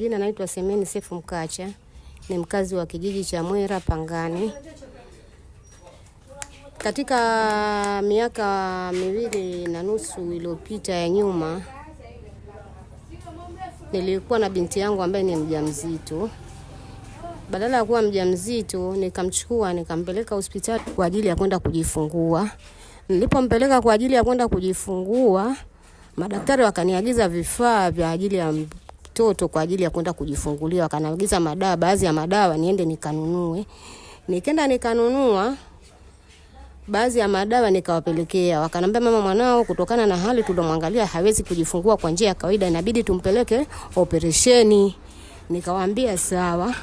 Jina naitwa Semeni Sefu Mkacha, ni mkazi wa kijiji cha Mwera Pangani. Katika miaka miwili na nusu iliyopita ya nyuma, nilikuwa na binti yangu ambaye ni mjamzito. Badala ya kuwa mjamzito, nikamchukua nikampeleka hospitali kwa ajili ya kwenda kujifungua. Nilipompeleka kwa ajili ya kwenda kujifungua, madaktari wakaniagiza vifaa vya ajili ya mtoto kwa ajili ya kwenda kujifungulia, wakanaagiza madawa, baadhi ya madawa niende nikanunue. Nikaenda nikanunua baadhi ya madawa nikawapelekea, wakanambia mama, mwanao kutokana na hali tulomwangalia hawezi kujifungua kwa njia ya kawaida, inabidi tumpeleke operesheni. Nikawaambia sawa,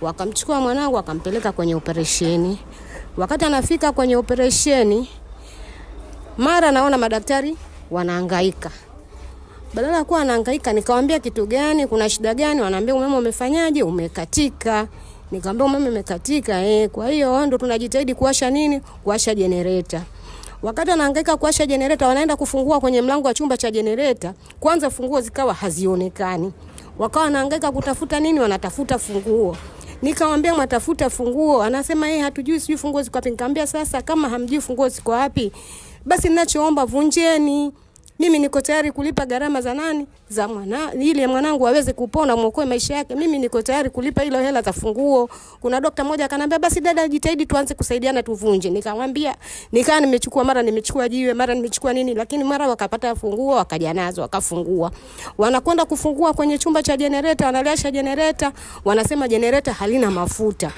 wakamchukua mwanangu wakampeleka kwenye operesheni. Wakati anafika kwenye operesheni, mara naona madaktari wanahangaika badala ya kuwa anahangaika, nikamwambia kitu gani, kuna shida gani? Wanaambia umeme umefanyaje, umekatika. Nikamwambia umeme umekatika, eh. Kwa hiyo ndo tunajitahidi kuwasha nini, kuwasha jenereta. Wakati anahangaika kuwasha jenereta, wanaenda kufungua kwenye mlango wa chumba cha jenereta, kwanza funguo zikawa hazionekani, wakawa wanahangaika kutafuta nini, wanatafuta funguo Nikamwambia mwatafuta funguo, anasema yeye eh, hatujui, sijui funguo ziko wapi. Nikamwambia sasa, kama hamjui funguo ziko wapi, basi ninachoomba vunjeni mimi niko tayari kulipa gharama za nani? Za mwana ili mwanangu aweze kupona, mwokoe maisha yake. Mimi niko tayari kulipa ile hela za funguo. Kuna dokta mmoja akanambia, basi dada, jitahidi tuanze kusaidiana tuvunje. Nikamwambia, nikaa nimechukua mara nimechukua jiwe, mara nimechukua nini, lakini mara wakapata funguo, wakaja nazo wakafungua. Wanakwenda kufungua kwenye chumba cha generator, wanalisha generator, wanasema generator halina mafuta.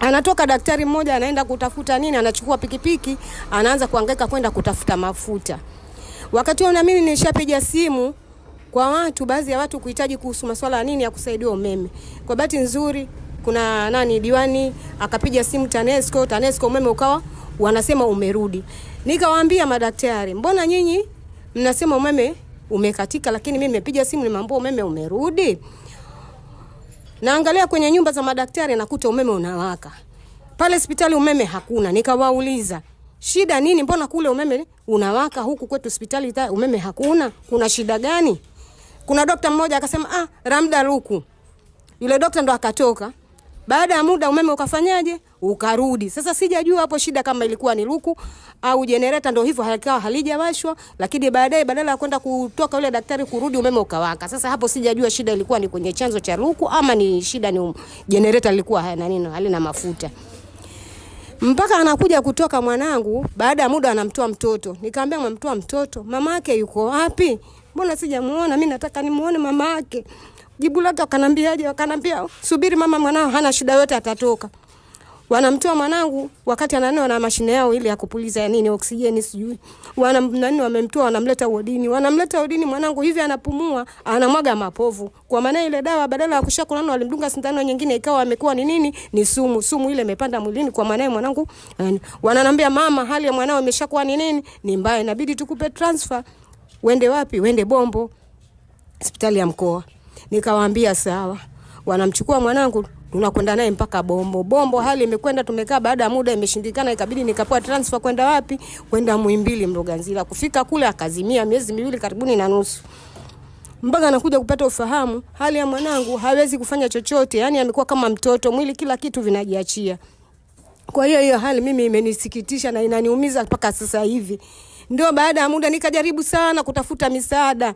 Anatoka daktari mmoja anaenda kutafuta nini, anachukua pikipiki, anaanza kuangaika kwenda kutafuta mafuta. Wakati huo na mimi nishapiga simu kwa watu, baadhi ya watu kuhitaji kuhusu masuala ya nini ya kusaidia umeme. Kwa bahati nzuri kuna nani diwani akapiga simu TANESCO, TANESCO umeme ukawa wanasema umerudi. Nikawaambia madaktari, mbona nyinyi mnasema umeme umekatika, lakini mimi nimepiga simu nimeambia umeme umerudi. Naangalia kwenye nyumba za madaktari nakuta umeme unawaka. Pale hospitali umeme hakuna. Nikawauliza, shida nini? Mbona kule umeme unawaka, huku kwetu hospitali umeme hakuna? Kuna shida gani? Kuna dokta mmoja akasema ah, Ramda Ruku. Yule dokta ndo akatoka. Baada ya muda umeme ukafanyaje? Ukarudi. Sasa sijajua hapo shida kama ilikuwa ni luku au jenereta ndo hivyo halikawa halijawashwa, lakini baadaye badala ya kwenda kutoka yule daktari kurudi umeme ukawaka. Sasa hapo sijajua shida ilikuwa ni kwenye chanzo cha luku ama ni shida ni um, jenereta lilikuwa halina mafuta. Mpaka anakuja kutoka mwanangu, baada ya muda anamtoa mtoto. Nikamwambia mmemtoa mtoto? Mama yake yuko wapi? Mbona sijamuona? Mimi nataka nimuone mama yake. Jibu lake wakanambiaje? Wakanambia subiri mama, mwanao hana shida yote, atatoka wanamtoa mwanangu wakati ananua na mashine yao ile ya kupuliza nini oksijeni sijui, wana nani wamemtoa, wanamleta wodini, wanamleta wodini, mwanangu hivi anapumua, anamwaga mapovu. Kwa maana ile dawa badala ya kushakulana walimdunga sindano nyingine, ikawa amekuwa ni nini, ni sumu. Sumu ile imepanda mwilini kwa maana mwanangu, wananambia mama, hali ya mwanao imeshakuwa ni nini, ni mbaya, inabidi tukupe transfer. Wende wapi? Wende Bombo, hospitali ya mkoa. Nikawaambia sawa, wanamchukua mwanangu tunakwenda naye mpaka Bombo. Bombo hali imekwenda, tumekaa, baada ya muda imeshindikana, ikabidi nikapewa transfer kwenda wapi? Kwenda muimbili Mloganzila. Kufika kule akazimia miezi miwili karibuni na nusu mpaka anakuja kupata ufahamu, hali ya mwanangu hawezi kufanya chochote, yani amekuwa kama mtoto, mwili kila kitu vinajiachia. Kwa hiyo hiyo hali mimi imenisikitisha na inaniumiza mpaka sasa hivi. Ndio baada ya muda nikajaribu sana kutafuta misaada,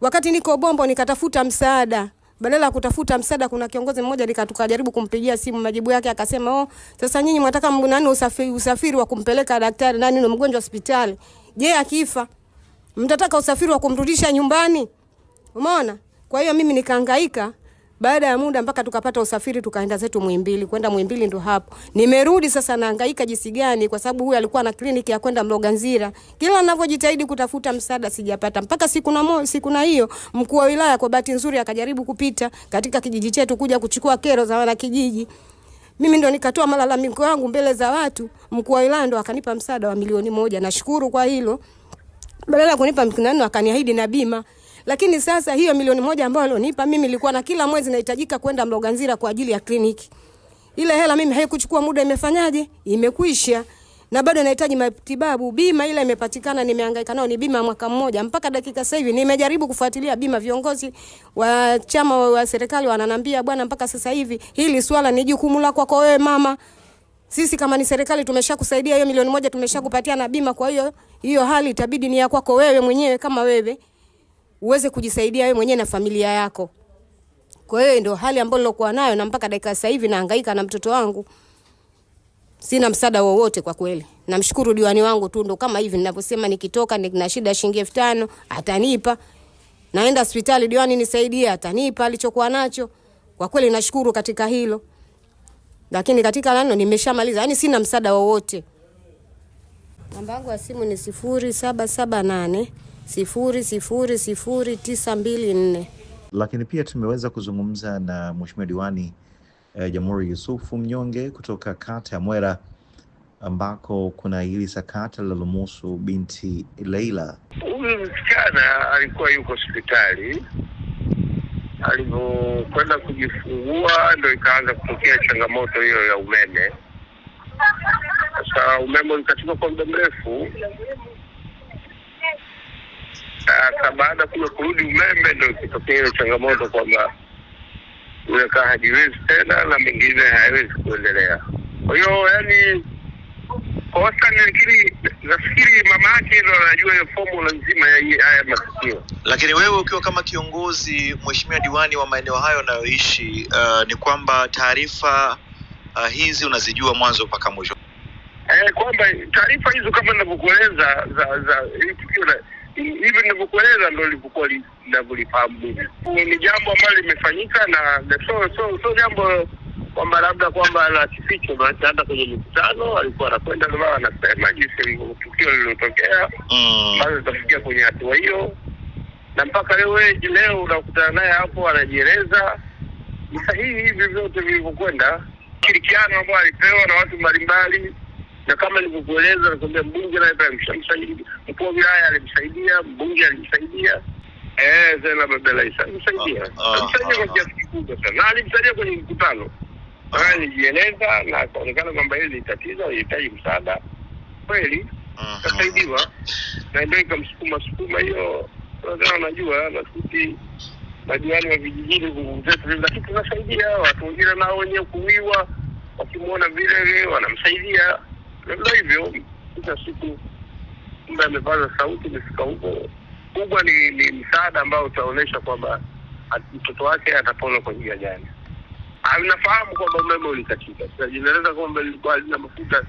wakati niko Bombo nikatafuta msaada badala ya kutafuta msaada, kuna kiongozi mmoja tukajaribu kumpigia simu, majibu yake akasema, oh, sasa nyinyi mnataka nani usafiri, usafiri wa kumpeleka daktari nani na mgonjwa hospitali? Je, akifa mtataka usafiri wa kumrudisha nyumbani? Umeona? Kwa hiyo mimi nikahangaika. Baada ya muda mpaka tukapata usafiri tukaenda zetu Muhimbili, kwenda Muhimbili ndo hapo nimerudi sasa. Nahangaika jinsi gani, kwa sababu huyu alikuwa na kliniki ya kwenda Mloganzira. Kila ninavyojitahidi kutafuta msaada sijapata, mpaka siku na siku na hiyo mkuu wa wilaya kwa bahati nzuri akajaribu kupita katika kijiji chetu kuja kuchukua kero za wanakijiji. Mimi ndo nikatoa malalamiko yangu mbele za watu, mkuu wa wilaya ndo akanipa msaada wa milioni moja. Nashukuru kwa hilo, badala ya kunipa mkinano akaniahidi na bima. Lakini sasa hiyo milioni moja ambayo alionipa mimi nilikuwa na kila mwezi nahitajika kwenda Mloganzila kwa ajili ya kliniki. Ile hela mimi haikuchukua muda imefanyaje? Imekwisha. Na bado nahitaji matibabu. Bima ile imepatikana, nimehangaika nao, ni bima mwaka mmoja. Mpaka dakika sasa hivi nimejaribu kufuatilia bima, viongozi wa chama wa serikali wananiambia bwana, mpaka sasa hivi hili swala ni jukumu lako kwa wewe mama. Sisi kama ni serikali tumeshakusaidia hiyo milioni moja tumeshakupatia na bima, kwa hiyo hiyo hali itabidi ni ya kwako wewe mwenyewe kama wewe uweze kujisaidia wewe mwenyewe na familia yako. Kwa hiyo ndio hali ambayo nilikuwa nayo na mpaka dakika sasa hivi nahangaika na mtoto wangu. Sina msaada wowote kwa kweli. Namshukuru diwani wangu tu ndo kama hivi ninavyosema, nikitoka nina shida shilingi elfu tano atanipa. Naenda hospitali diwani nisaidie, atanipa alichokuwa nacho. Kwa kweli nashukuru katika hilo. Lakini katika nani nimeshamaliza. Yaani sina msaada wowote. Namba yangu ya simu ni sifuri saba saba nane 0000924. Lakini pia tumeweza kuzungumza na Mheshimiwa Diwani eh, Jamhuri Yusufu Mnyonge kutoka kata ya Mwera ambako kuna hili sakata lilomhusu binti Leila. Huyu msichana alikuwa yuko hospitali, alivyokwenda kujifungua ndo ikaanza kutokea changamoto hiyo ya umeme. Sasa umeme ulikatika kwa muda mrefu sasa baada kule kurudi umeme, ndio ikitokea hiyo changamoto kwamba uwekaa hajiwezi tena na mengine hayawezi kuendelea. Kwa hiyo yani, kwa wastani, lakini nafikiri mama yake ndo anajua hiyo fomula nzima ya haya matukio. Lakini wewe ukiwa kama kiongozi, mheshimiwa diwani wa maeneo hayo unayoishi, uh, ni kwamba taarifa uh, hizi unazijua mwanzo mpaka mwisho eh, kwamba taarifa hizo kama ninavyokueleza za za hii tukio hivi nilivyokueleza ndo livokuwa navyolifahamu mimi. Ni jambo ambalo limefanyika na so so so jambo kwamba labda kwamba la kificho, basi hata kwenye mikutano alikuwa anakwenda ndomana anasema jinsi tukio lililotokea, mm. bado tutafikia kwenye hatua hiyo, na mpaka leo wewe leo unakutana naye hapo anajieleza sahihi hivi vyote vilivyokwenda, ushirikiano ambayo alipewa na watu mbalimbali na kama nilivyokueleza, nakwambia mbunge naye pia alimsaidia, mkuu wa wilaya alimsaidia, mbunge alimsaidia eh, Zena Babelaisa alimsaidia, alimsaidia ah, ah, kwa ah, kiasi kikubwa sana, na alimsaidia kwenye mkutano aa, nilijieleza na akaonekana kwamba hili ni tatizo, alihitaji msaada kweli, mhm. kasaidiwa na ndio ikamsukuma sukuma hiyo. aa Najua nafikiri majuani wa vijijini kuzetu, lakini tunasaidia watu wengine nao wenyewe kuwiwa, wakimwona vile wanamsaidia. Ndio hivyo, kila siku muda amepaza sauti, imefika huko. Kubwa ni, ni msaada ambao utaonyesha kwamba mtoto wake atapona kwa njia gani. Ah, nafahamu kwamba umeme ulikatika, najieleza kwamba lilikuwa halina mafuta,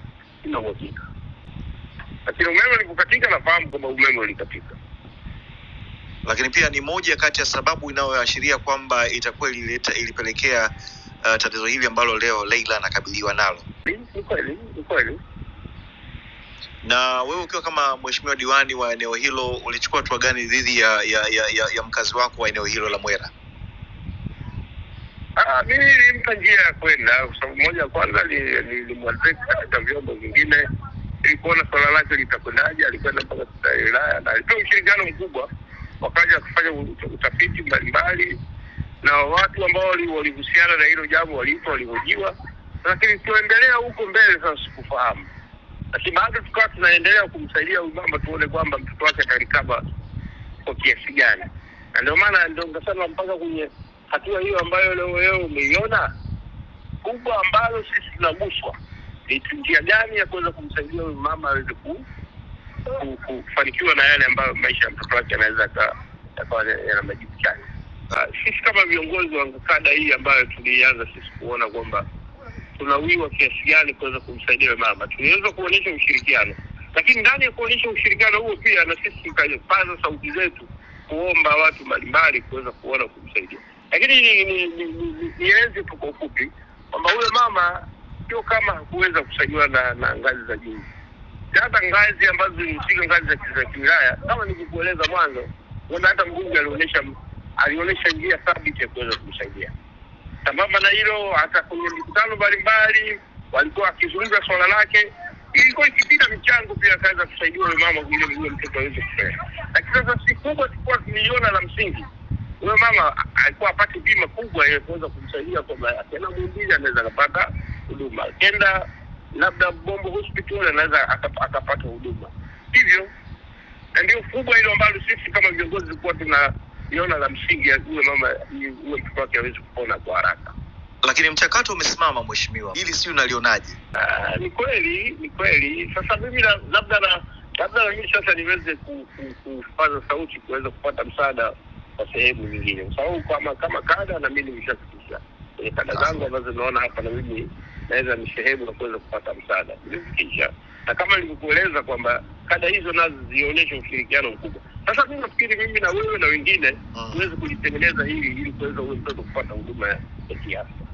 sina uhakika, lakini umeme ulikukatika, nafahamu kwamba umeme ulikatika lakini pia ni moja kati ya sababu inayoashiria kwamba itakuwa ilileta ilipelekea uh, tatizo hili ambalo leo Leila anakabiliwa nalo. Ni kweli, ni kweli. Na wewe ukiwa kama mheshimiwa diwani wa eneo hilo ulichukua hatua gani dhidi ya ya, ya, ya ya mkazi wako wa eneo hilo la Mwera? Ah, ah mimi nilimpa njia ya kwenda kwa sababu moja, kwanza nilimwadresi katika vyombo vingine ili kuona swala lake litakwendaje. Alikwenda mpaka wilaya na alipewa ushirikiano mkubwa, wakaja kufanya utafiti mbalimbali na watu ambao walihusiana na hilo jambo waliitwa, walihojiwa, lakini tuendelea huko mbele. Sasa sikufahamu lakini bado tukawa tunaendelea kumsaidia huyu mama tuone kwamba mtoto wake atalikaba kwa kiasi gani, na ndio maana ndio ngasema mpaka kwenye hatua hiyo ambayo leo wewe umeiona kubwa, ambalo sisi tunaguswa ni njia gani ya kuweza kumsaidia huyu mama aweze ku kufanikiwa na yale ambayo maisha ya mtoto wake anaweza yakawa yana majibu chanya. Ah, sisi kama viongozi wa kada hii ambayo tulianza sisi kuona kwamba tunawiwa kiasi gani kuweza kumsaidia mama. Tuliweza kuonyesha ushirikiano, lakini ndani ya kuonyesha ushirikiano huo pia na sisi tukapaza sauti zetu kuomba watu mbalimbali kuweza kuona kumsaidia. Lakini nieleze tu kwa ufupi kwamba huyo mama sio kama hakuweza kusaidiwa na, na ngazi za juu, hata ngazi ambazo zilihusika ngazi za kiwilaya, kama nilivyokueleza mwanzo, hata mbunge alionyesha alionyesha njia thabiti ya kuweza kumsaidia. Sambamba na hilo, hata kwenye mikutano mbalimbali walikuwa wakizungumza swala lake, ilikuwa ikipita michango pia akaweza kusaidia huyo mama ili huyo mtoto aweze kupea Lakini sasa si kubwa tulikuwa tunaiona la msingi, huyo mama alikuwa apate bima kubwa ya kuweza kumsaidia kwamba akienda Muhimbili anaweza akapata huduma, akienda labda Bombo Hospital anaweza akapata huduma. Hivyo ndio kubwa hilo ambalo sisi kama viongozi tulikuwa tuna niona la msingi huyo mama huyo mtoto wake awezi kupona kwa haraka lakini mchakato umesimama mheshimiwa hili si unalionaje ah, ni kweli ni kweli sasa mimi la, labda na labda na mimi sasa niweze kupaza sauti kuweza kupata msaada kwa sehemu nyingine kwa sababu kama kama kada na mi nimeshafikisha kwenye kada zangu ambazo naona hapa na mimi naweza ni sehemu ya kuweza kupata msaada nimefikisha na kama nilivyokueleza kwamba kada hizo nazo zionyeshe ushirikiano mkubwa. Sasa mimi nafikiri mimi na wewe na wengine ah. tuweze kulitengeneza hili ili kuweza huyo mtoto kupata huduma ya kiafya.